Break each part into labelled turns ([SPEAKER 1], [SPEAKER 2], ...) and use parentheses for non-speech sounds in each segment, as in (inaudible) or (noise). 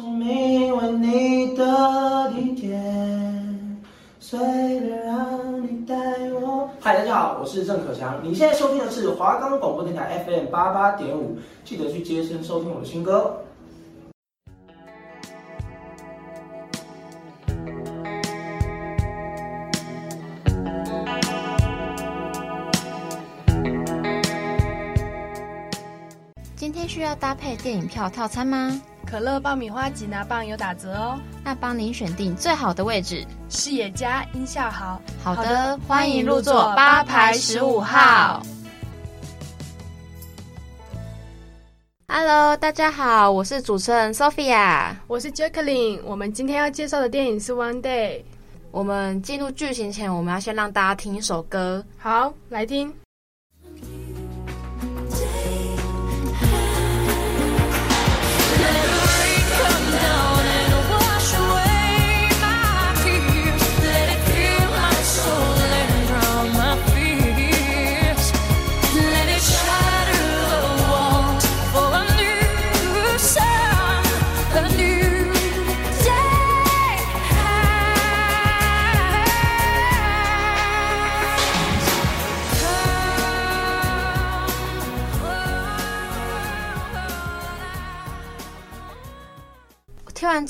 [SPEAKER 1] 我你你的一
[SPEAKER 2] 天所以讓你帶我，嗨，Hi, 大家好，我是鄭可強。你現在收聽的是華岡廣播電台 FM 八八點五，記得去接聲收聽我的新歌
[SPEAKER 1] 哦。今天需要搭配電影票套餐嗎？可樂、爆米花、吉拿棒有打折哦。那幫您選定最好的位置，
[SPEAKER 2] 視野佳，音效好。好的，好的，歡迎入座，八排十五號。Hello，大家好，我是主持人 Sophia，我是 Jacqueline。我們今天要介紹的電影是《One Day》。我們進入劇情前，我們要先讓大家聽一首歌。好，來聽。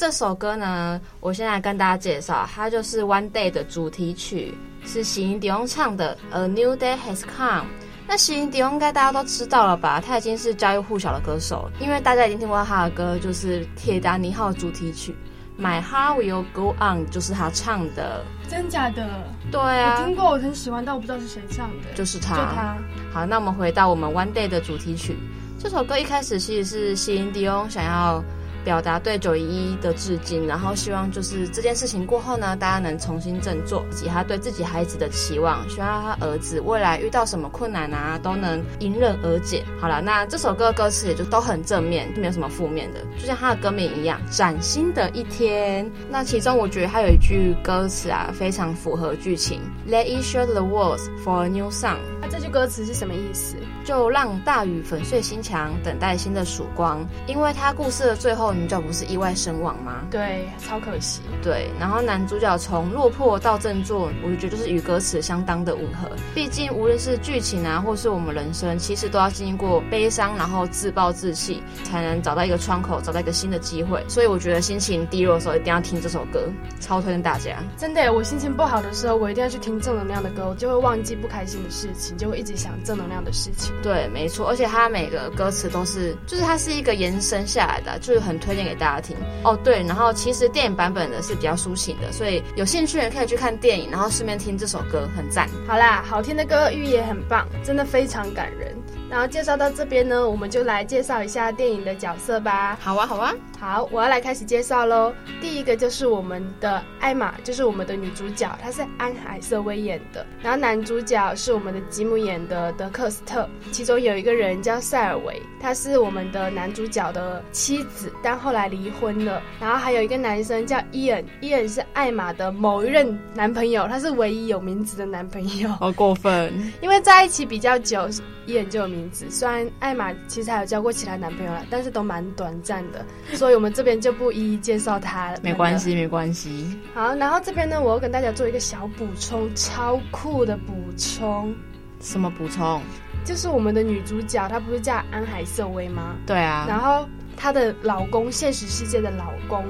[SPEAKER 1] 這首歌呢，我現在跟大家介紹，它就是《One Day》的主題曲，是席琳迪翁唱的《A New Day Has Come》。那席琳迪翁應該大家都知道了吧？他已經是家喻戶曉的歌手，因為大家已經聽過他的歌，就是《鐵達尼號》主題曲《My Heart Will Go On》，就是他唱的。
[SPEAKER 2] 真假的？對啊。我聽過，我很喜歡，但我不知道是誰唱的。就是他。就他。
[SPEAKER 1] 好，那我們回到我們《One Day》的主題曲。這首歌一開始其實是席琳迪翁想要。表達對九一一的致敬，然後希望就是這件事情過後呢，大家能重新振作，以及他對自己孩子的期望，希望他兒子未來遇到什麼困難啊，都能迎刃而解。好了，那這首歌的歌詞也就都很正面，沒有什麼負面的，就像他的歌名一樣，《嶄新的一天》。那其中我覺得他有一句歌詞啊，非常符合劇情，Let it show the world for a new song。那、啊、這句歌詞是什麼意思？就讓大雨粉碎心牆，等待新的曙光。因為他故事的最後，女主角不是意外身亡嗎？
[SPEAKER 2] 對，超可惜。
[SPEAKER 1] 對，然後男主角從落魄到振作，我就覺得就是與歌詞相當的吻合。畢竟無論是劇情啊，或是我們人生，其實都要經過悲傷，然後自暴自棄，才能找到一個窗口，找到一個新的機會。所以我覺得心情低落的時候，一定要聽這首歌，超推薦大家。
[SPEAKER 2] 真的，我心情不好的時候，我一定要去聽正能量的歌，我就會忘記不開心的事情。就會一直想正能量的事情，
[SPEAKER 1] 對，沒錯，而且它每個歌詞都是，就是它是一個延伸下來的，就是很推薦給大家聽哦，oh, 對，然後其實電影版本的是比較抒情的，所以有興趣的人可以去看電影，然後
[SPEAKER 2] 順便聽這首歌，很讚。好啦，好聽的歌，寓意也很棒，真的非常感人。然後介紹到這邊呢，我們就來介紹一下電影的角色吧。好啊，好啊。好，我要來開始介紹嘍。第一個就是我們的艾瑪，就是我們的女主角，她是安海瑟薇演的。然後男主角是我們的吉姆演的德克斯特。其中有一個人叫塞爾維，她是我們的男主角的妻子，但後來離婚了。然後還有一個男生叫伊恩，伊恩是艾瑪的某一任男朋友，他是唯一有名字的男朋友。
[SPEAKER 1] 好過分！
[SPEAKER 2] 因為在一起比較久，伊恩就有名。雖然艾瑪其實還有交過其他男朋友了，但是都蠻短暫的，所以我們這邊就不一一介紹他了。沒關係，
[SPEAKER 1] 沒關係。
[SPEAKER 2] 好，然後這邊呢，我要跟大家做一個小補充，超酷的補充。
[SPEAKER 1] 什麼補充？
[SPEAKER 2] 就是我們的女主角，她不是叫安海瑟薇嗎？
[SPEAKER 1] 對啊。然後
[SPEAKER 2] 她的老公，現實世界的老公，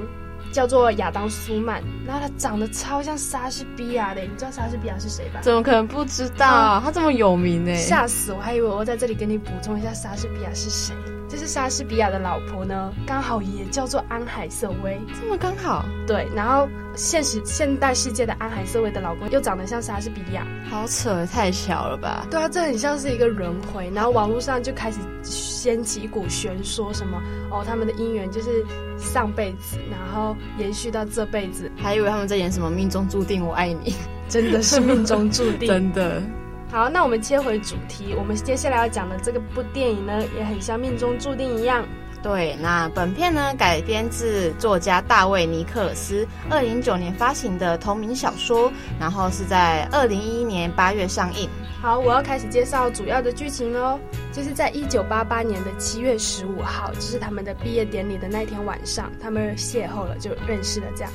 [SPEAKER 2] 叫做亞當·舒曼，然後他長得超像莎士比亞的，你知道莎士比亞是誰吧？怎麼可能不知
[SPEAKER 1] 道？啊，他這麼有名呢，嚇
[SPEAKER 2] 死我，還以為我在這裡給你補充一下莎士比亞是誰。就是莎士比亞的老婆呢，剛好也叫做安海瑟薇，這麼剛好。對，然後現實現代世界的安海瑟薇的老公又長得像莎士比亞，
[SPEAKER 1] 好扯，太巧了吧？
[SPEAKER 2] 對啊，這很像是一個輪迴。然後網絡上就開始掀起一股旋說什麼哦，他們的姻緣就是上輩子，然後延續到這輩子，還以為他們在演什麼命中注定我愛你，真的是命中注定， (laughs) 真的。好，那我們切回主題。我們接下來要講的這個部電影呢，也很像命中注定一樣。對，那本片呢，改編自
[SPEAKER 1] 作家大衛·尼克爾斯二零零九年發行的同名小說，然後是在二零一一年八月上映。
[SPEAKER 2] 好，我要開始介紹主要的劇情嘍。就是在一九八八年的七月十五號，就是他們的畢業典禮的那天晚上，他們邂逅了，就認識了，這樣，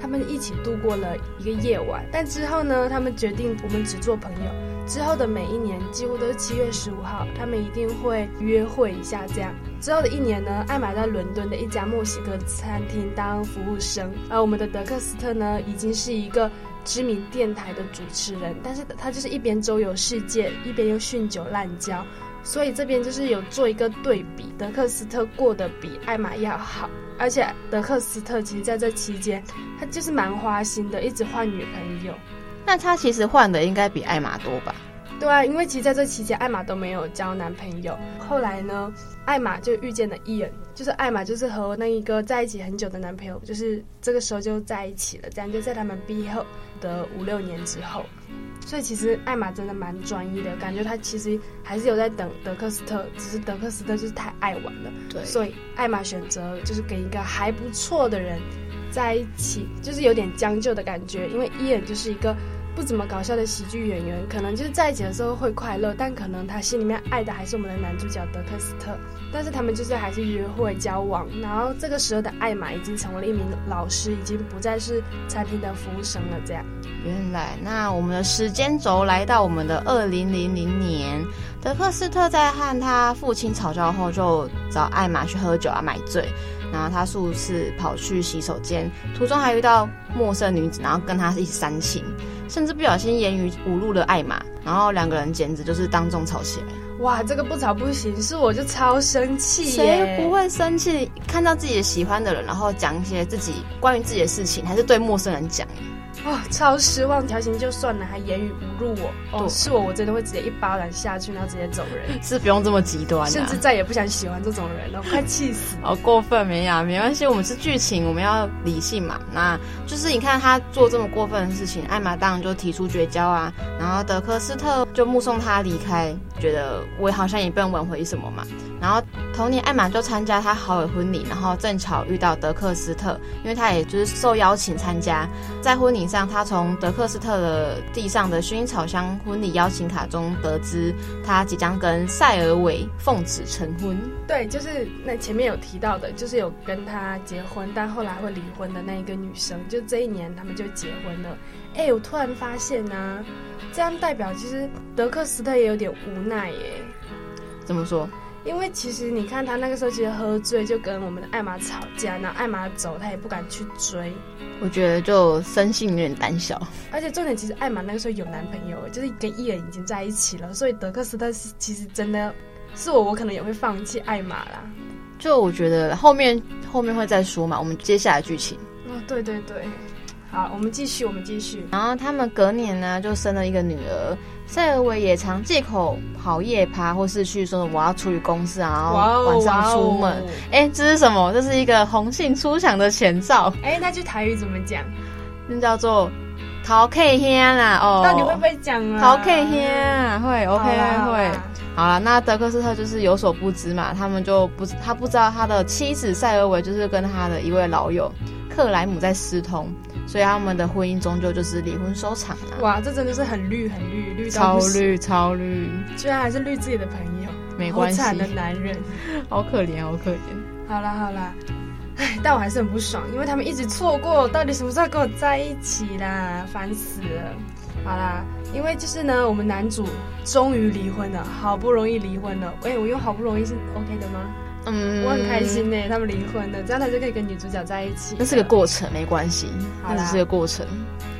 [SPEAKER 2] 他們一起度過了一個夜晚。但之後呢，他們決定我們只做朋友。之後的每一年幾乎都是七月十五號，他們一定會約會一下。這樣之後的一年呢，艾瑪在倫敦的一家墨西哥餐廳當服務生，而我們的德克斯特呢，已經是一個知名電台的主持人。但是他就是一邊周遊世界，一邊又酗酒濫交，所以這邊就是有做一個對比。德克斯特過得比艾瑪要好，而且德克斯特其實在這期間，他就是蠻花心的，一直換女朋友。
[SPEAKER 1] 那他其實換的應該比艾瑪多吧？
[SPEAKER 2] 對啊，因為其實在這期間艾瑪都沒有交男朋友。後來呢，艾瑪就遇見了伊恩，就是艾瑪就是和那一個在一起很久的男朋友，就是這個時候就在一起了。這樣就在他們畢業後的五六年之後，所以其實艾瑪真的蠻專一的，感覺她其實還是有在等德克斯特，只是德克斯特就是太愛玩了。對，所以艾瑪選擇就是跟一個還不錯的人在一起，就是有點將就的感覺，因為伊恩就是一個。不怎麼搞笑的喜劇演員，可能就是在一起的時候會快樂，但可能他心裡面愛的還是我們的男主角德克斯特。但是他們就是還是約會交往，然後這個時候的艾瑪已經成為了一名老師，已經不再是餐廳的服務生了。這樣，
[SPEAKER 1] 原來那我們的時間軸來到我們的二零零零年，德克斯特在和他父親吵架後，就找艾瑪去喝酒啊，買醉。然後他數次跑去洗手間，途中還遇到陌生女子，然後跟他一起煽情。甚至不小心言語侮辱了艾瑪，然後兩個人簡直就是當眾吵起來。
[SPEAKER 2] 哇，這個不吵不行，是我就超生氣耶！誰不會
[SPEAKER 1] 生氣？看到自己喜歡的人，然後講一些自己關於自己的事情，還是對陌生人講？
[SPEAKER 2] 啊、哦，超失望，調情就算了，還言語侮辱我。哦，哦是我，我真的會直接一巴掌下去，然後直接走人。
[SPEAKER 1] 是不用這麼極端，啊，甚至
[SPEAKER 2] 再也不想喜歡這種人了，快氣死
[SPEAKER 1] (laughs) 好哦，過分，沒呀、啊、沒關係，我們是劇情，我們要理性嘛。那就是你看他做這麼過分的事情，艾瑪當然就提出絕交啊，然後德克斯特就目送他離開，覺得我也好像也不能挽回什麼嘛。然後同年，艾瑪就參加她好友婚禮，然後正巧遇到德克斯特，因為他也就是受邀請參加。在婚禮上，她從德克斯特的地上的薰衣草香婚禮邀請卡中得知，他即將跟塞爾維奉子成婚。
[SPEAKER 2] 對，就是那前面有提到的，就是有跟他結婚，但後來會離婚的那一個女生。就這一年，他們就結婚了。哎，我突然發現呢、啊，這樣代表其實德克斯特也有點無奈耶。怎麼說？因為其實你看他那個時候其實喝醉，就跟我們的艾瑪吵架，然後艾瑪走，他也不敢去追。
[SPEAKER 1] 我覺得就生性有點膽小。
[SPEAKER 2] 而且重點其實艾瑪那個時候有男朋友，就是跟伊恩已經在一起了，所以德克斯特其實真的是我，我可能也會放棄艾瑪啦。
[SPEAKER 1] 就我覺得後面後面會再說嘛，我們接下來劇情。
[SPEAKER 2] 哦，對對對，好，我們繼續，我們繼續。
[SPEAKER 1] 然後他們隔年呢就生了一個女兒。塞爾維也常借口跑夜趴，或是去說我要處理公事啊，然後晚上出門。哎 Wow, wow.、欸，這是什麼？這是一個紅杏出牆的前兆。
[SPEAKER 2] 哎、欸，那句台語怎麼講？
[SPEAKER 1] 那 (laughs) 叫做陶克天啦。哦，到底會不會講
[SPEAKER 2] 啊？討客兄啊，會，OK、嗯、會。
[SPEAKER 1] 好了，那德克斯特就是有所不知嘛，他們就不他不知道他的妻子塞爾維就是跟他的一位老友克萊姆在私通。所以他們的婚姻終究就是離婚收場了。哇，
[SPEAKER 2] 這真的是很綠，很綠，綠到不行。超綠，
[SPEAKER 1] 超綠，
[SPEAKER 2] 居然還是綠自己的朋友，沒關係。好慘的男人，
[SPEAKER 1] 好可憐，好可憐。
[SPEAKER 2] 好啦，好啦，哎，但我還是很不爽，因為他們一直錯過，到底什麼時候跟我在一起啦？煩死了。好啦，因為就是呢，我們男主終於離婚了，好不容易離婚了。哎、欸，我又好不容易是 OK 的嗎？嗯，我很開心呢、欸。他們離婚了，這樣他就可以跟女主角在一起。那是個過
[SPEAKER 1] 程，沒關係，啦那只是個過程。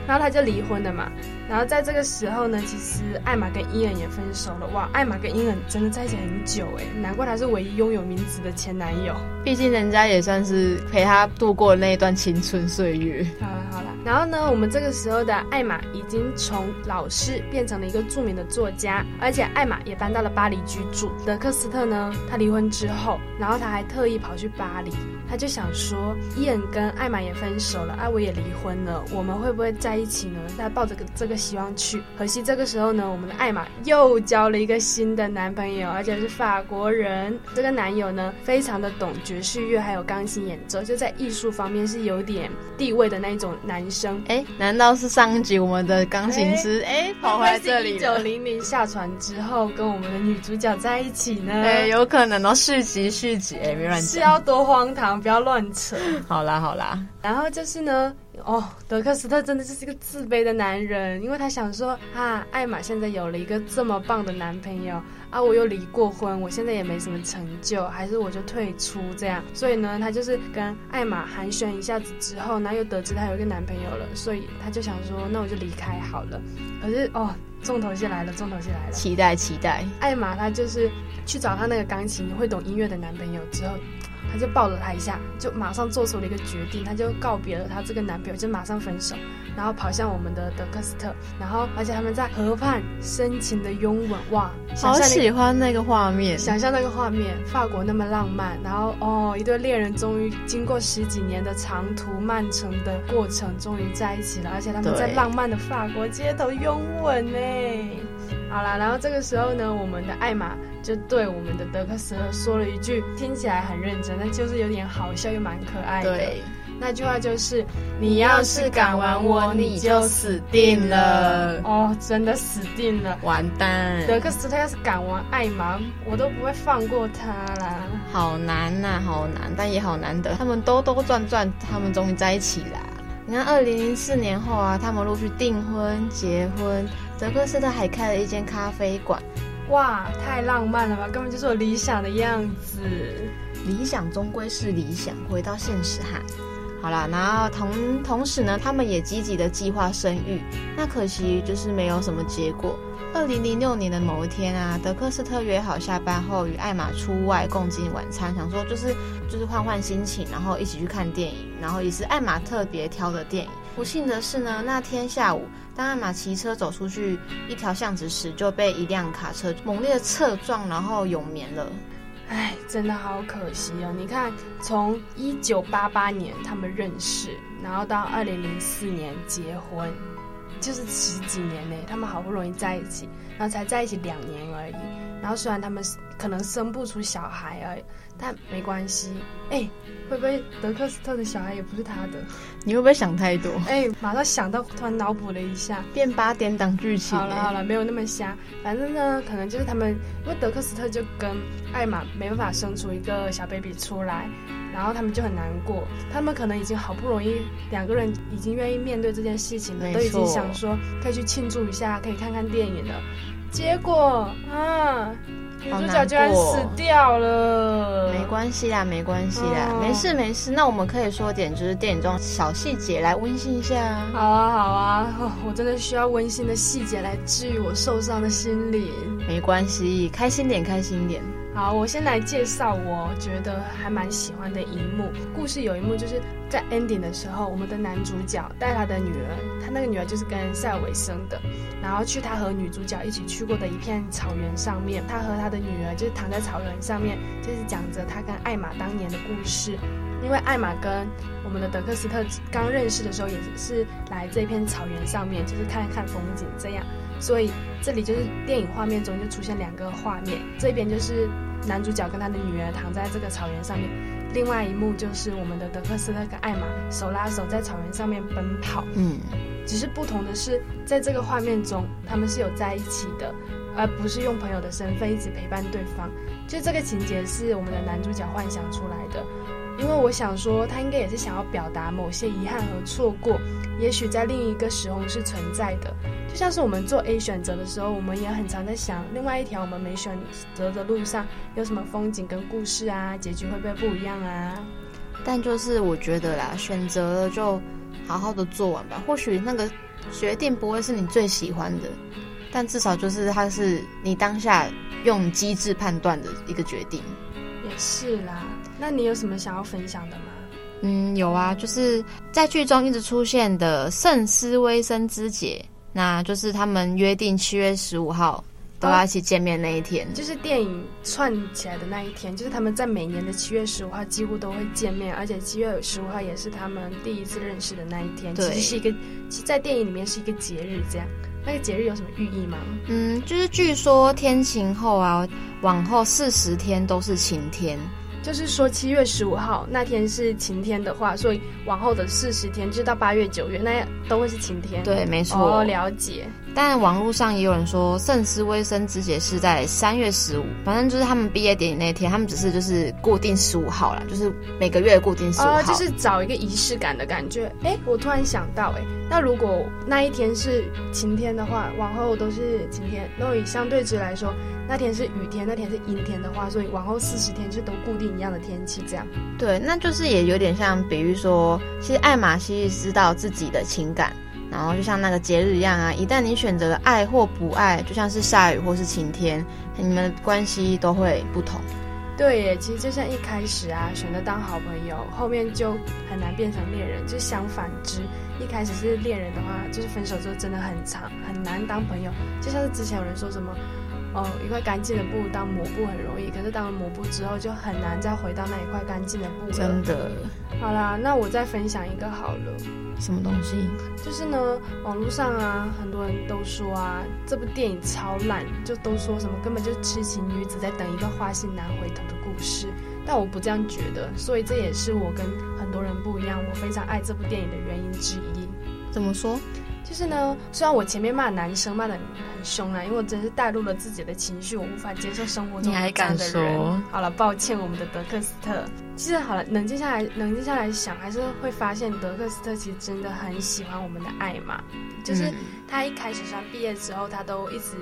[SPEAKER 2] 然後他就離婚了嘛。然後在這個時候呢，其實艾瑪跟伊恩也分手了。哇，艾瑪跟伊恩真的在一起很久哎、欸，難怪他是唯一擁有名字的前男友。
[SPEAKER 1] 畢竟人家也算是陪他度過那一段青春歲月。好了
[SPEAKER 2] 好了，然後呢，我們這個時候的艾瑪已經從老師變成了一個著名的作家，而且艾瑪也搬到了巴黎居住。德克斯特呢，他離婚之後，然後他還特意跑去巴黎，他就想說伊恩跟艾瑪也分手了，而我也離婚了，我們會不會在一起呢？他抱着這個。希望去，可惜這個時候呢，我們的艾瑪又交了一個新的男朋友，而且是法國人。這個男友呢，非常的懂爵士樂，還有鋼琴演奏，就在藝術方面是有點地位的那一種男生。哎、欸，難道是上一集我們的鋼琴師？哎、欸欸，跑回來這裡一九零零下船之後，跟我們的女主角在一起呢？哎、欸，有
[SPEAKER 1] 可能哦。續集，續集、欸，沒亂講。是要多荒唐，不要亂扯。 (laughs) 好啦，
[SPEAKER 2] 好啦，然後就是呢。哦，德克斯特真的就是一個自卑的男人，因為他想說啊，艾瑪現在有了一個這麼棒的男朋友啊，我又離過婚，我現在也沒什麼成就，還是我就退出這樣。所以呢，他就是跟艾瑪寒暄一下子之後，然後又得知他有一個男朋友了，所以他就想說，那我就離開好了。可是哦，重頭戲來了，重頭戲來了，
[SPEAKER 1] 期待期待。期
[SPEAKER 2] 待艾瑪她就是去找她那個鋼琴會懂音樂的男朋友之後。他就抱了他一下，就馬上做出了一個決定，他就告別了他這個男朋友，就馬上分手，然後跑向我們的德克斯特，然後而且他們在河畔深情的擁吻，哇，好喜歡
[SPEAKER 1] 那個畫面，想象那
[SPEAKER 2] 個畫面，法國那麼浪漫，然後哦，一對戀人終於經過十幾年的長途漫長的過程，終於在一起了，而且他們在浪漫的法國對街頭擁吻呢、欸。好啦，然後這個時候呢，我們的艾瑪就對我們的德克斯說了一句聽起來很認真，但就是有點好笑又蠻可愛的對那句話，就是“你要是敢玩我，你就死定了。定了”哦，真的死定了，完蛋！德克斯他要是敢玩艾瑪，我都不會放過他啦。
[SPEAKER 1] 好難吶、啊，好難，但也好難得。他們兜兜轉轉，他們終於在一起啦。你看，二零零四年後啊，他們陸續訂婚、結婚。德克斯特還開了一間咖啡館，哇，太浪漫了吧！根本就是我理想的樣子。理想終歸是理想，回到現實哈。好啦，然後同同時呢，他們也積極的計劃生育，那可惜就是沒有什麼結果。二零零六年的某一天啊，德克斯特約好下班後與艾瑪出外共進晚餐，想說就是就是換換心情，然後一起去看電影，然後也是艾瑪特別挑的電影。不幸的是呢，那天下午，當艾瑪騎車走出去一條巷子時，就被一輛卡車猛烈的側撞，然後永眠
[SPEAKER 2] 了。哎，真的好可惜哦、喔！你看，從一九八八年他們認識，然後到二零零四年結婚，就是十幾年呢。他們好不容易在一起，然後才在一起兩年而已。然後雖然他們可能生不出小孩，而已。但沒關係，哎、欸，會不會德克斯特的小孩也不是他的？
[SPEAKER 1] 你會不會想太多？哎、
[SPEAKER 2] 欸，馬上想到，突然腦補了一下變八點檔劇情、欸。好了好了，沒有那麼瞎。反正呢，可能就是他們，因為德克斯特就跟艾瑪沒辦法生出一個小 baby 出來，然後他們就很難過。他們可能已經好不容易兩個人已經願意面對這件事情了，沒錯。都已經想說可以去慶祝一下，可以看看電影了，結果啊。主角居，居然死
[SPEAKER 1] 掉了，哦，沒關係啦，沒關係啦，哦、沒事沒事。那我們可以說點就是電影中小細節來溫馨一下，啊，
[SPEAKER 2] 好啊好啊，我真的需要溫馨的細節來治癒我受傷的心靈。
[SPEAKER 1] 沒關係，開心點，開心點。
[SPEAKER 2] 好，我先來介紹，我覺得還蠻喜歡的一幕故事。有一幕就是在 ending 的時候，我們的男主角帶他的女兒，他那個女兒就是跟塞爾維生的，然後去他和女主角一起去過的一片草原上面。他和他的女兒就是躺在草原上面，就是講着他跟艾瑪當年的故事。因為艾瑪跟我們的德克斯特剛認識的時候，也是來這片草原上面，就是看一看風景這樣。所以這裡就是電影畫面中就出現兩個畫面，這邊就是男主角跟他的女兒躺在這個草原上面，另外一幕就是我們的德克斯特跟艾瑪手拉手在草原上面奔跑。嗯，只是不同的是，在這個畫面中他們是有在一起的，而不是用朋友的身份一直陪伴對方。就這個情節是我們的男主角幻想出來的，因為我想說他應該也是想要表達某些遺憾和錯過，也許在另一個時空是存在的。就像是我們做 A 選擇的時候，我們也很常在想，另外一條我們沒選擇的路上有什麼風景跟故事啊？結局會不會不一樣啊？
[SPEAKER 1] 但就是我覺得啦，選擇了就好好的做完吧。或許那個決定不會是你最喜歡的，但至少就是它是你當下用機智判斷的一個決定。
[SPEAKER 2] 也是啦，那你有什麼想要分享的嗎？
[SPEAKER 1] 嗯，有啊，就是在劇中一直出現的聖思威森之姐。那就是他們約定七月十五號都要一起見面那一天，oh, 就
[SPEAKER 2] 是電影串起來的那一天。就是他們在每年的七月十五號幾乎都會見面，而且七月十五號也是他們第一次認識的那一天。對其實是一個，在電影裡面是一個節日這樣。那個節日有什麼寓意嗎？嗯，
[SPEAKER 1] 就是據說天晴後啊，往後四十天都是晴天。
[SPEAKER 2] 就是說，七月十五號那天是晴天的話，所以往後的四十天，就到八月、九月，那都會是晴天。對，沒錯，oh, 了解。
[SPEAKER 1] 但網絡上也有人說，聖斯威森之節是在三月十五，反正就是他們畢業典禮那天，他們只是就是固定十五號了，就是每個月固定十五號。呃，就是
[SPEAKER 2] 找一個儀式感的感覺。哎、欸，我突然想到、欸，哎，那如果那一天是晴天的話，往後都是晴天。那以相對值來說，那天是雨天，那天是陰天的話，所以往後四十天就都固定一樣的天氣這樣。
[SPEAKER 1] 對，那就是也有點像，比如說，其實艾瑪西知道自己的情感。然後就像那個節日一樣啊，一旦你選擇了愛或不愛，就像是下雨或是晴天，你們的關係都會不同。
[SPEAKER 2] 對耶，其實就像一開始啊，選擇當好朋友，後面就很難變成戀人；就相反之，一開始是戀人的話，就是分手之後真的很長，很難當朋友。就像是之前有人說什麼，哦，一塊乾淨的布當抹布很容易，可是當了抹布之後，就很難再回到那一塊乾淨的布。真
[SPEAKER 1] 的。
[SPEAKER 2] 好啦，那我再分享一個好了。什麼東西？就是呢，網絡上啊，很多人都說啊，這部電影超爛，就都說什麼根本就痴情女子在等一個花心男回頭的故事。但我不這樣覺得，所以這也是我跟很多人不一樣，我非常愛這部電影的原因之一。怎麼說？就是呢，雖然我前面罵男生罵得很，很凶啊，因為我真是帶入了自己的情緒，我無法接受生活中這樣的人。說好了，抱歉，我們的德克斯特。其實好了，冷靜下來，冷靜下來想，還是會發現德克斯特其實真的很喜歡我們的艾瑪。就是他一開始上畢業之後，他都一直。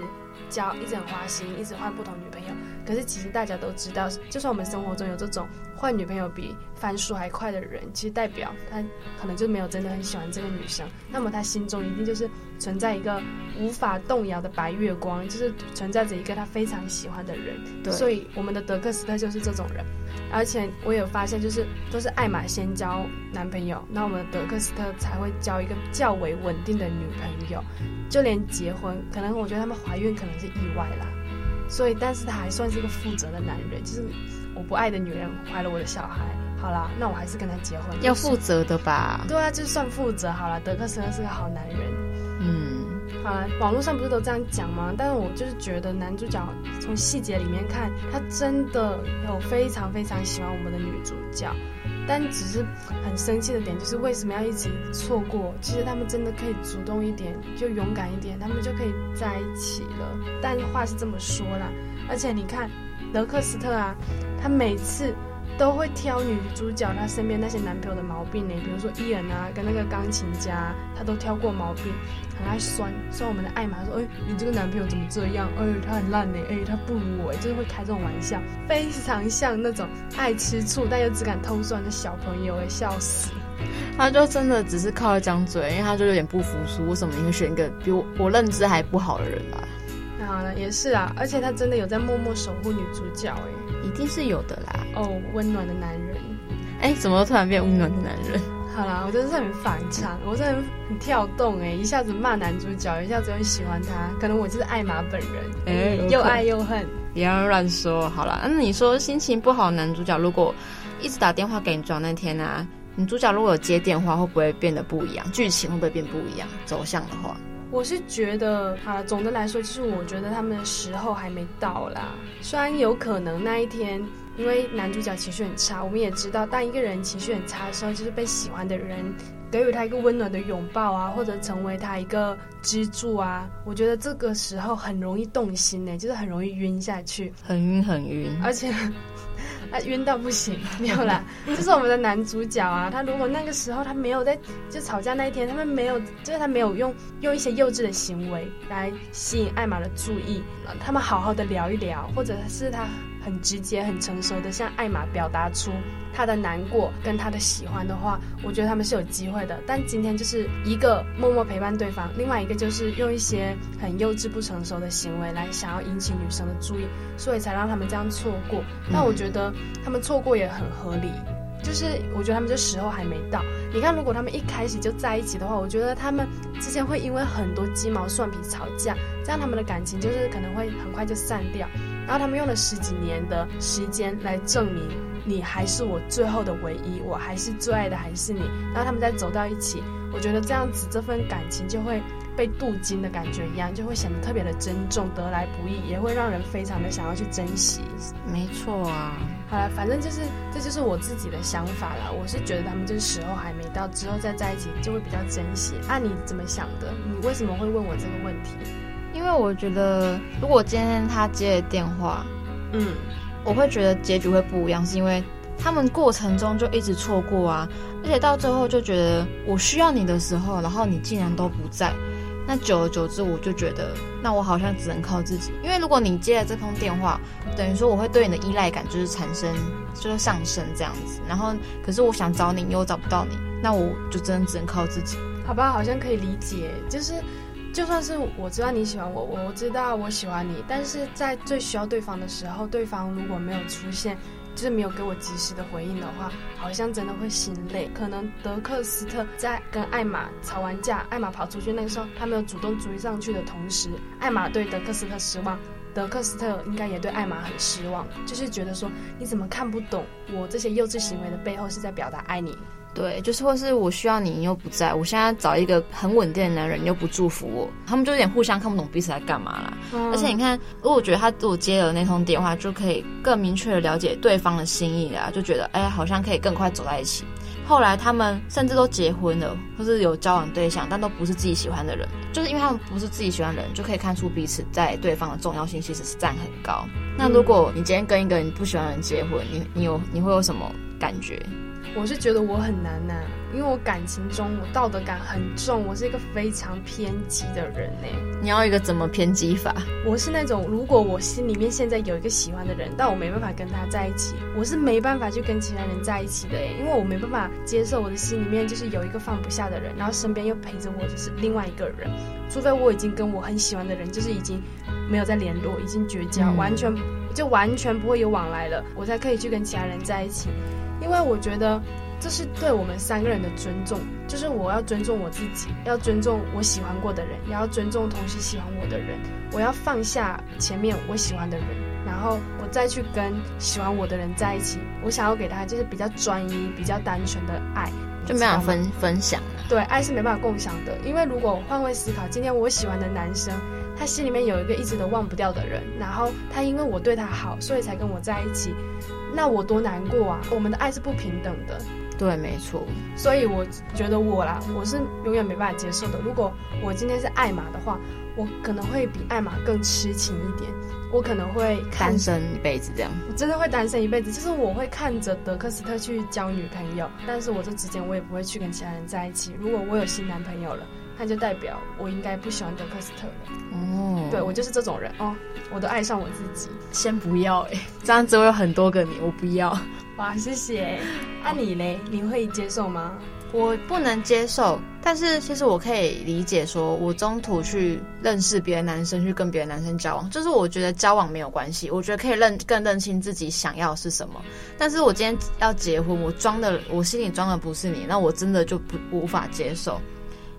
[SPEAKER 2] 交一直很花心，一直換不同女朋友。可是其實大家都知道，就算我們生活中有這種換女朋友比翻書還快的人，其實代表他可能就沒有真的很喜歡這個女生。那麼他心中一定就是存在一個無法動搖的白月光，就是存在着一個他非常喜歡的人。對，所以我們的德克斯特就是這種人。而且我有發現，就是都是艾瑪先交男朋友，那我們德克斯特才會交一個較為穩定的女朋友。就連結婚，可能我覺得他們懷孕可能是意外啦。所以，但是他還算是一個負責的男人，就是我不愛的女人懷了我的小孩，好啦，那我還是跟他結婚，要負
[SPEAKER 1] 責的吧？對
[SPEAKER 2] 啊，就算負責好了，德克斯特是個好男人。啊，網絡上不是都這樣講嗎？但是我就是覺得男主角從細節裡面看，他真的有非常非常喜歡我們的女主角，但只是很生氣的點就是為什麼要一起錯過？其實他們真的可以主動一點，就勇敢一點，他們就可以在一起了。但話是這麼說啦，而且你看，德克斯特啊，他每次。都會挑女主角她身邊那些男朋友的毛病呢、欸，比如說伊恩啊，跟那個鋼琴家，他都挑過毛病，很愛酸，酸我們的艾瑪，他說：“哎、欸，你這個男朋友怎麼這樣？哎、欸，他很爛呢、欸，哎、欸，他不如我、欸，就是會開這種玩笑，非常像那種愛吃醋但又只敢偷酸的小朋友、欸，哎，笑死！
[SPEAKER 1] 他就真的只是靠一張嘴，因為他就有點不服輸，為什麼你會選一個比我我認知還不好的人吧、
[SPEAKER 2] 啊？那、嗯、好了，也是啊，而且他真的有在默默守護女主角、欸，哎，一定是有的啦。”哦，溫暖的男
[SPEAKER 1] 人，哎、欸，怎麼突然變溫暖的男人、
[SPEAKER 2] 嗯？好啦，我真的是很反常，我真的很跳動哎、欸，一下子罵男主角，一下子又喜歡他，可能我就是艾瑪本人哎，欸、又愛又恨，
[SPEAKER 1] 不要亂說，好啦，那你說心情不好，男主角如果一直打電話給你，裝那天啊，女主角如果有接電話，會不會變得不一樣？劇情會不會變不一樣走向的話？
[SPEAKER 2] 我是覺得好啦，總的來說，就是我覺得他們的時候還沒到啦，雖然有可能那一天。因為男主角情緒很差，我們也知道，當一個人情緒很差的時候，就是被喜歡的人給予他一個溫暖的擁抱啊，或者成為他一個支柱啊，我覺得這個時候很容易動心呢、欸，就是很容易暈下去，很暈很暈，而且他、啊、暈到不行， (laughs) 沒有啦，就是我們的男主角啊，他如果那個時候他沒有在就吵架那一天，他們沒有就是他沒有用用一些幼稚的行為來吸引艾瑪的注意，他們好好的聊一聊，或者是他很直接、很成熟的向艾瑪表達出他的難過跟他的喜歡的話，我覺得他們是有機會的。但今天就是一個默默陪伴對方，另外一個就是用一些很幼稚、不成熟的行為來想要引起女生的注意，所以才讓他們這樣錯過。但我覺得他們錯過也很合理，就是我覺得他們這時候還沒到。你看，如果他們一開始就在一起的話，我覺得他們之前會因為很多雞毛蒜皮吵架，這樣他們的感情就是可能會很快就散掉。然後他們用了十幾年的時間來證明，你還是我最後的唯一，我還是最愛的還是你。然後他們再走到一起，我覺得這樣子這份感情就會被鍍金的感覺一樣，就會顯得特別的珍重、得來不易，也會讓人非常的想要去珍惜。沒錯啊，好了，反正就是這就是我自己的想法了。我是覺得他們這個時候還沒到，之後再在一起就會比較珍惜。那、啊、你怎麼想的？你為什麼會問我這個問題？
[SPEAKER 1] 因為我覺得，如果今天他接了電話，
[SPEAKER 2] 嗯，我會
[SPEAKER 1] 覺得結局會不一樣，是因為他們過程中就一直錯過啊，而且到最後就覺得我需要你的時候，然後你竟然都不在，那久而久之我就覺得，那我好像只能靠自己。因為如果你接了這通電話，等於說我會對你的依賴感就是產生就是上升這樣子，然後可是我想找你，又我找不到你，那我就真的只能靠自己。
[SPEAKER 2] 好吧，好像可以理解，就是。就算是我知道你喜歡我，我知道我喜歡你，但是在最需要對方的時候，對方如果沒有出現，就是沒有給我及時的回應的話，好像真的會心累。可能德克斯特在跟艾瑪吵完架，艾瑪跑出去那個時候，他沒有主動追上去的同時，艾瑪對德克斯特失望，德克斯特應該也對艾瑪很失望，就是覺得說你怎麼看不懂我這些幼稚行為的背後是在表達愛你。
[SPEAKER 1] 對，就是或是我需要你，你又不在，我現在找一個很穩定的男人，你又不祝福我，
[SPEAKER 2] 他們就有點互相看不
[SPEAKER 1] 懂彼此在幹嘛啦。嗯、而且你看，如果覺得他如果接了那通電話，就可以更明確的了解對方的心意啦，就覺得哎，好像可以更快走在一起。後來他們甚至都結婚了，或是有交往對象，但都不是自己喜歡的人，就是因為他們不是自己喜歡的人，就可以看出彼此在對方的重要性其實是佔很高。嗯、那如果你今天跟一個你不喜歡的人結婚，你你有你會有什麼？感覺，
[SPEAKER 2] 我是覺得我很難吶，因為我感情中我道德感很重，我是一個非常偏激的人呢。
[SPEAKER 1] 你要一個怎麼偏激
[SPEAKER 2] 法？我是那種，如果我心裡面現在有一個喜歡的人，但我沒辦法跟他在一起，我是沒辦法去跟其他人在一起的耶，因為我沒辦法接受我的心裡面就是有一個放不下的人，然後身邊又陪着我就是另外一個人，除非我已經跟我很喜歡的人，就是已經沒有再聯絡，已經絕交，嗯、完全就完全不會有往來了，我才可以去跟其他人在一起。因為我覺得這是對我們三個人的尊重，就是我要尊重我自己，要尊重我喜歡過的人，也要尊重同時喜歡我的人。我要放下前面我喜歡的人，然後我再去跟喜歡我的人在一起。我想要給他就是比較專一、比較單純的愛，
[SPEAKER 1] 就沒法分分享
[SPEAKER 2] 了。對，愛是沒辦法共享的。因為如果換位思考，今天我喜歡的男生。他心裡面有一個一直都忘不掉的人，然後他因為我對他好，所以才跟我在一起，那我多難過啊！我們的愛是不平等的。
[SPEAKER 1] 對，沒錯。
[SPEAKER 2] 所以我覺得我啦，我是永遠沒辦法接受的。如果我今天是艾瑪的話，我可能會比艾瑪更癡情一點，我可能會單身一輩子這樣。我真的會單身一輩子，就是我會看着德克斯特去交女朋友，但是我這之間我也不會去跟其他人在一起。如果我有新男朋友了。那就代表我應該不喜歡德克斯特了哦。對，我就是這種人哦，我都愛上我自己，先不
[SPEAKER 1] 要哎、欸，這樣子我有很多個你，我不要。
[SPEAKER 2] 哇，謝謝。那、 (laughs) 啊、你嘞？你會接受嗎？我
[SPEAKER 1] 不能接受，但是其實我可以理解，說我中途去認識別的男生，去跟別的男生交往，就是我覺得交往沒有關係，我覺得可以認更認清自己想要是什麼。但是我今天要結婚，我裝的，我心裡裝的不是你，那我真的就不無法接受。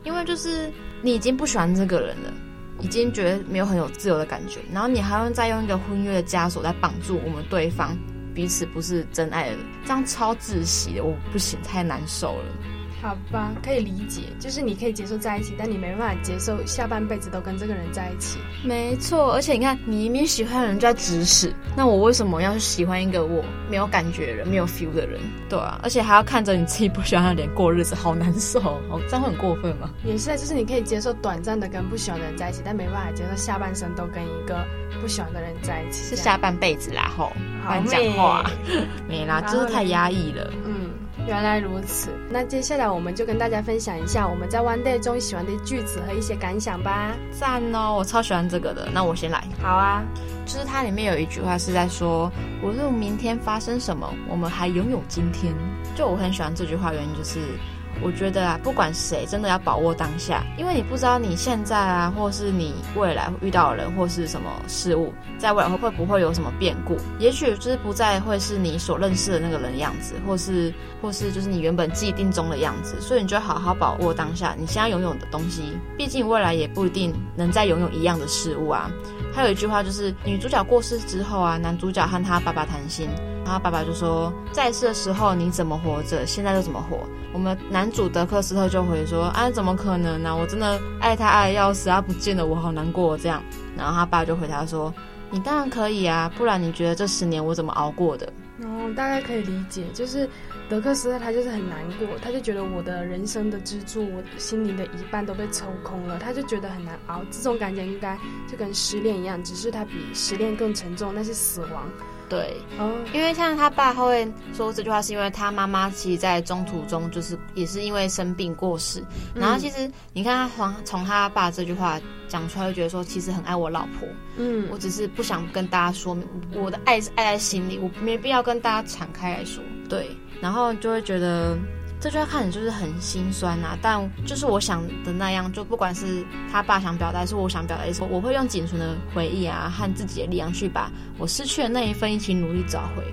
[SPEAKER 1] 因為就是你已經不喜歡這個人了，已經覺得沒有很有自由的感覺，然後你還要用再用一個婚約的枷鎖來綁住我們對方，彼此不是真愛的人。這樣超窒息的，我不行，太難受了。
[SPEAKER 2] 好吧，可以理解，就是你可以接受在一起，但你沒辦法接受下半輩子都跟這個人在一起。
[SPEAKER 1] 沒錯，而且你看，你明明喜歡的人就在指使，那我為什麼要喜歡一個我沒有感覺的人，人沒有 feel 的人？對啊，而且還要看着你自己不喜歡的臉過日子，好難受。好，這樣會很過分嗎？
[SPEAKER 2] 也是啊，就是你可以接受短暫的跟不喜歡的人在一起，但沒辦法接受下半生都跟一個不喜歡的人在一起，在一起。是下
[SPEAKER 1] 半輩子啦，吼，別講美講話， (laughs) 沒啦，就是太壓抑了。嗯
[SPEAKER 2] 原來如此，那接下來我們就跟大家分享一下我們在 One Day 中喜歡的句子和一些感想吧。贊哦，我
[SPEAKER 1] 超喜歡這個的。那我先來。好啊，就是它裡面有一句話是在說：“無論明天發生什麼，我們還擁有今天。”就我很喜歡這句話，原因就是。我覺得啊，不管誰，真的要把握當下，因為你不知道你現在啊，或是你未來遇到的人或是什麼事物，在未來會不會不會有什麼變故？也許就是不再會是你所認識的那個人的樣子，或是或是就是你原本既定中的樣子。所以你就要好好把握當下，你現在擁有的東西，畢竟未來也不一定能再擁有一樣的事物啊。還有一句話就是，女主角過世之後啊，男主角和他爸爸談心。然後他爸爸就說：“在世的時候你怎麼活着，現在就怎麼活。”我們男主德克斯特就回說：“啊，怎麼可能呢、啊？我真的愛他愛得要死，他不見了我好難過。”這樣，然後他爸就回答說：“你當然可以啊，不然你覺得這十年我怎麼熬過的？”
[SPEAKER 2] 然後、哦、大概可以理解，就是德克斯特他就是很難過，他就覺得我的人生的支柱，我心靈的一半都被抽空了，他就覺得很難熬。這種感覺應該就跟失戀一樣，只是他比失戀更沉重，那是死亡。對，哦、因
[SPEAKER 1] 為像他爸他會說這句話，是因為他媽媽其實，在中途中就是也是因為生病過世。嗯、然後其實你看他從從他爸這句話講出來，就覺得說其實很愛我老婆。嗯，我只是不想跟大家說我的愛是愛在心裡，我沒必要跟大家敞開來說。嗯、對，然後就會覺得。這句話看你，就是很心酸啊，但就是我想的那樣，就不管是他爸想表達，還是我想表達，意思我會用僅存的回憶啊和自己的力量去把我失去的那一份一起努力找回，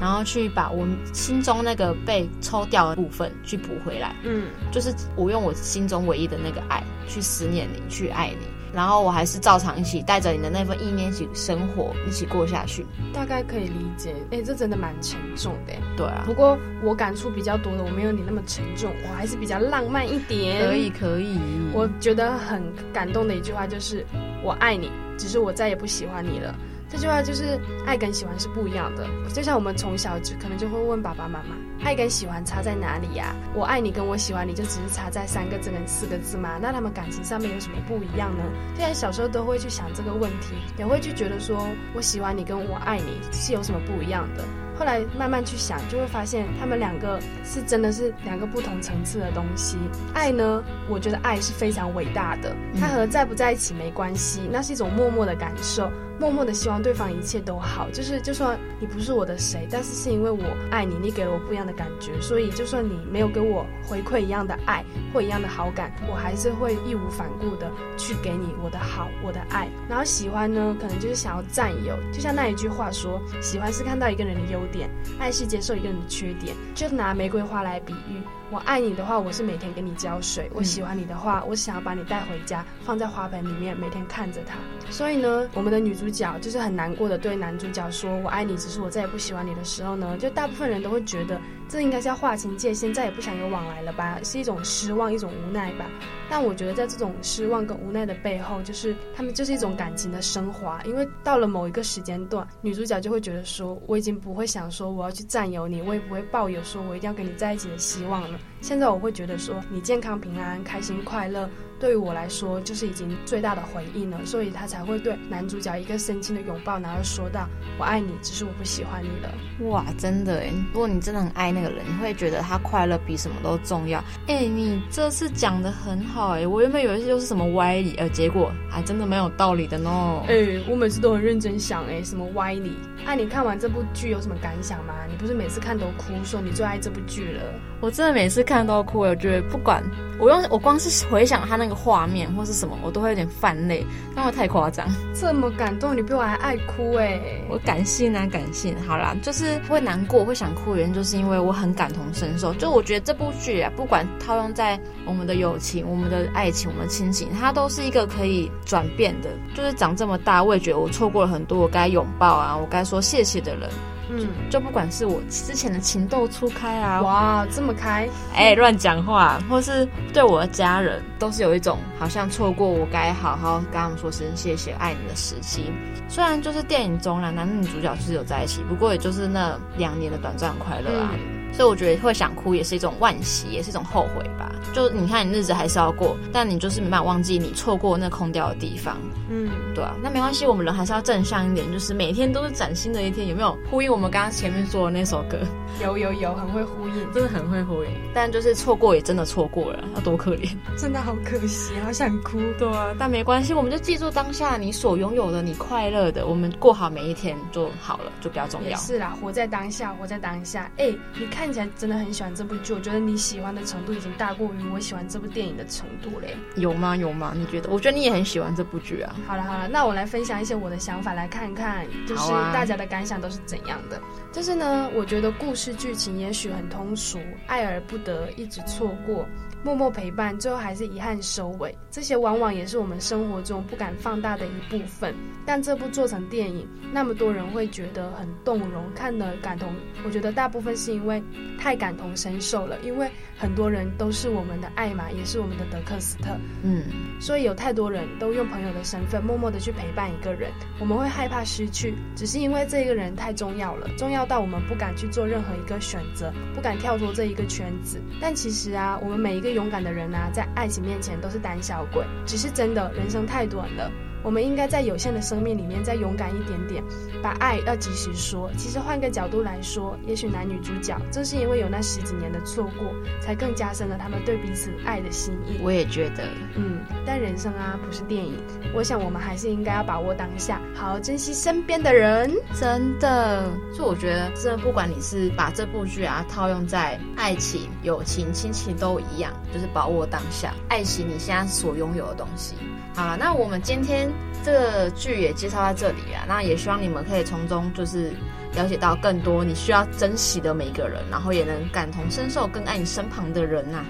[SPEAKER 1] 然後去把我心中那個被抽掉的部分去補回來，嗯，就是我用我心中唯一的那個愛去思念你，去愛你。然後我還是照常一起帶着你的那份意念一起生活，一起過下去，
[SPEAKER 2] 大概可以理解。欸，這真的蠻沉重的。對啊，不過我感觸比較多的，我沒有你那麼沉重，我還是比較浪漫一點。可以，可以。我覺得很感動的一句話就是：“我愛你，只是我再也不喜歡你了。”這句話就是愛跟喜歡是不一樣的，就像我們從小就可能就會問爸爸媽媽，愛跟喜歡差在哪裡呀？我愛你跟我喜歡你就只是差在三個字跟四個字嗎？那他們感情上面有什麼不一樣呢？雖然小時候都會去想這個問題，也會去覺得說我喜歡你跟我愛你是有什麼不一樣的？後來慢慢去想，就會發現他們兩個是真的是兩個不同層次的東西。愛呢，我覺得愛是非常偉大的，它和在不在一起沒關係，那是一種默默的感受。默默的希望對方一切都好，就是就算你不是我的誰，但是是因為我愛你，你給了我不一樣的感覺，所以就算你沒有跟我回饋一樣的愛，或一樣的好感，我還是會義無反顧的去給你我的好，我的愛。然後喜歡呢，可能就是想要佔有，就像那一句話說，喜歡是看到一個人的優點，愛是接受一個人的缺點。就拿玫瑰花來比喻。我愛你的話，我是每天給你澆水；我喜歡你的話，我想要把你帶回家，放在花盆裡面，每天看着它。所以呢，我們的女主角就是很難過的對男主角說：“我愛你，只是我再也不喜歡你的時候呢。”就大部分人都會覺得。這應該叫劃清界限，再也不想有往來了吧？是一種失望，一種無奈吧。但我覺得，在這種失望跟無奈的背後，就是他們就是一種感情的升華。因為到了某一個時間段，女主角就會覺得說，我已經不會想說我要去佔有你，我也不會抱有說我一定要跟你在一起的希望了。現在我會覺得說，你健康平安、開心快樂，對於我來說就是已經最大的回應了，所以他才會對男主角一個深情的擁抱，然後說道：“我愛你，只是我不喜歡你了。”
[SPEAKER 1] 哇，真的哎！如果你真的很愛那個人，你會覺得他快樂比什麼都重要。哎、欸，你這次講得很好哎，我原本以為這就是什麼歪理？呃，結果還、啊、真的蠻有道理的
[SPEAKER 2] 呢。哎、no 欸，我每次都很認真想哎，什麼歪理？哎、啊，你看完這部劇有什麼感想嗎？你不是每次看都哭，說你最愛這部劇了？
[SPEAKER 1] 我真的每次看都哭，我覺得不管我用我光是回想他那個畫面或是什麼，我都會有點泛淚。那我太誇張，
[SPEAKER 2] 這麼感動，你比我還愛哭哎、欸！我
[SPEAKER 1] 感性啊，感性。好啦，就是會難過，會想哭的原因就是因為我很感同身受。就我覺得這部劇啊，不管套用在我們的友情、我們的愛情、我們的親情，它都是一個可以轉變的。就是長這麼大，我也覺得我錯過了很多，我該擁抱啊，我該。說謝謝的人，嗯，就，就不管是我之前的情竇初開啊，哇，這麼開，哎、欸，亂講、嗯、話，或是對我的家人，都是有一種好像錯過我該好好跟他們說聲謝謝，愛你的時期。雖然就是電影中了，男、那、女、個、主角其實有在一起，不過也就是那兩年的短暫快樂啊。嗯所以我覺得會想哭也是一種惋惜，也是一種後悔吧。就你看，你日子還是要過，但你就是沒辦法忘記你錯過那空掉的地方。嗯，對啊。那沒關係，我們人還是要正向一點，就是每天都是嶄新的一天。有沒有呼應我們剛剛前面說的那首歌？有有有，很會呼應，真的很會呼應。但就是錯過也真的錯過了，要多可憐，真的好可惜，好想哭。對啊， (laughs) 但沒關係，我們就記住當下你所擁有的，你快樂的，我們過好每一天就好了，就比較重要。是
[SPEAKER 2] 啦，活在當下，活在當下。欸，你看。看起來真的很喜歡這部劇，我覺得你喜歡的程度已經大過於我喜歡這部電影的程度嘞。
[SPEAKER 1] 有嗎？有嗎？你覺得？我覺得你也很喜歡這部劇啊。
[SPEAKER 2] 好了好了，那我來分享一些我的想法，來看看就是大家的感想都是怎樣的。啊、就是呢，我覺得故事劇情也許很通俗，愛而不得，一直錯過。默默陪伴，最後還是遺憾收尾。這些往往也是我們生活中不敢放大的一部分。但這部做成電影，那麼多人會覺得很動容，看得感同。我覺得大部分是因為太感同身受了，因為很多人都是我們的艾瑪，也是我們的德克斯特。
[SPEAKER 1] 嗯，
[SPEAKER 2] 所以有太多人都用朋友的身份默默的去陪伴一個人。我們會害怕失去，只是因為這個人太重要了，重要到我們不敢去做任何一個選擇，不敢跳脫這一個圈子。但其實啊，我們每一個。最勇敢的人呢、啊，在愛情面前都是膽小鬼。只是真的，人生太短了。我們應該在有限的生命裡面再勇敢一點點，把愛要及時說。其實換個角度來說，也許男女主角正是因為有那十幾年的錯過，才更加深了他們對彼此愛的心意。我也覺得，嗯，但人生啊不是電影，我想我們還是應該要把握當下，好好珍惜身邊的人。真的，所以我覺得，真的
[SPEAKER 1] 不管你是把這部劇啊套用在愛情、友情、親情都一樣，就是把握當下，愛惜你現在所擁有的東西。好，那我們今天這個劇也介紹到這裡啊。那也希望你們可以從中就是了解到更多你需要珍惜的每一個人，然後也能感同身受，更愛你身旁的人啊。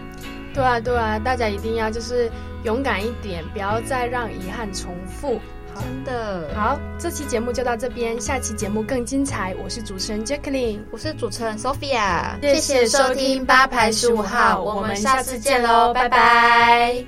[SPEAKER 2] 對啊，對啊，大家一定要就是勇敢一點，不要再讓遺憾重複。好真的，好，這期節目就到這邊，下期節目更精彩。我是主持人 Jaclyn，我是主持人 Sophia，謝謝收聽八排十五號，我們下次見嘍，拜拜。